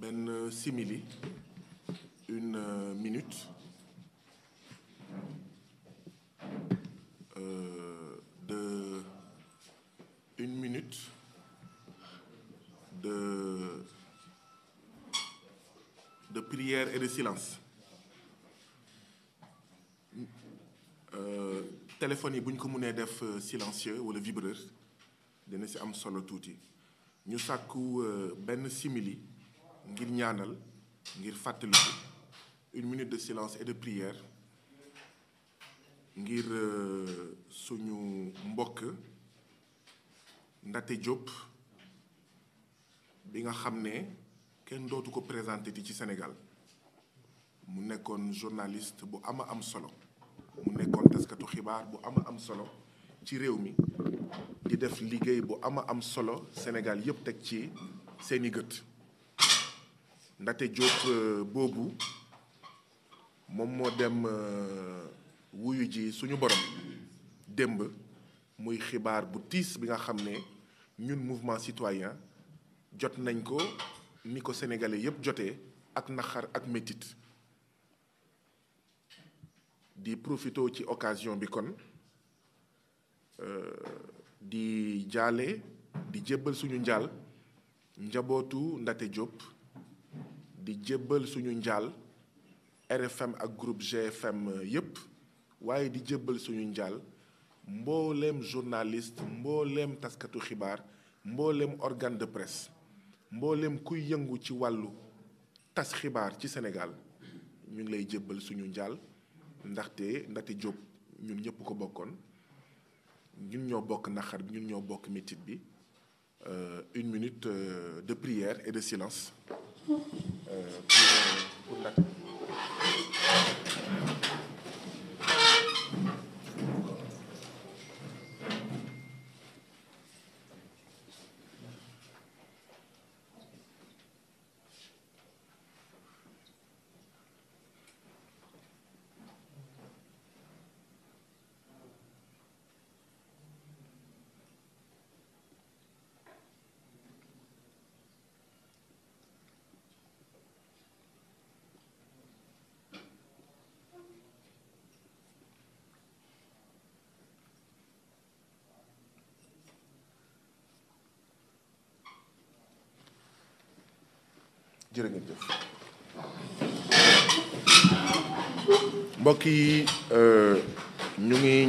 benn simili une euh, minute euh, de une de de prière et de silence euh, téléphone yi bu ñu ko mënee def euh, silencieux wala vibreur dina si am solo tuuti ñu sàkku euh, benn simili. ngir ñaanal ngir fàttaliku une minute de silence et de prière ngir euh, suñu mbokk Ndate Diop bi nga xam ne kenn dootu ko présenté ti ci Sénégal mu nekkoon journaliste bu ama am solo mu nekkoon taskatu xibaar bu ama am solo ci réew mi di def liggéey bu ama am solo Sénégal yëpp teg ci seeni gët Ndaté Diop euh, boobu moom moo dem euh, wuyu ji suñu borom démb muy xibaar bu tiis bi nga xam ne ñun mouvement citoyen jot nañ ko ni ko sénégalais yëpp jotee ak naxar ak metit di profito ci occasion bi kon euh, di jaale di jëbal suñu njaal njabootu Ndaté Diop di suñu njaal RFM ak groupe GFM yépp waaye di jébbal suñu njaal mboolem journaliste mbooleem taskatu xibaar mbooleem organe de presse mboolem kuy yëngu ci wàllu tas xibaar ci Sénégal ñu ngi lay jébbal suñu njaal ndaxte Ndaté Diop ñun ñëpp ko bokkoon ñun ñoo bokk naxar bi ñun ñoo bokk métit bi euh, une minute euh, de prière et de silence Euh, pour euh, pour l'atteindre. jërë ngeen jëf mbokk yi euh,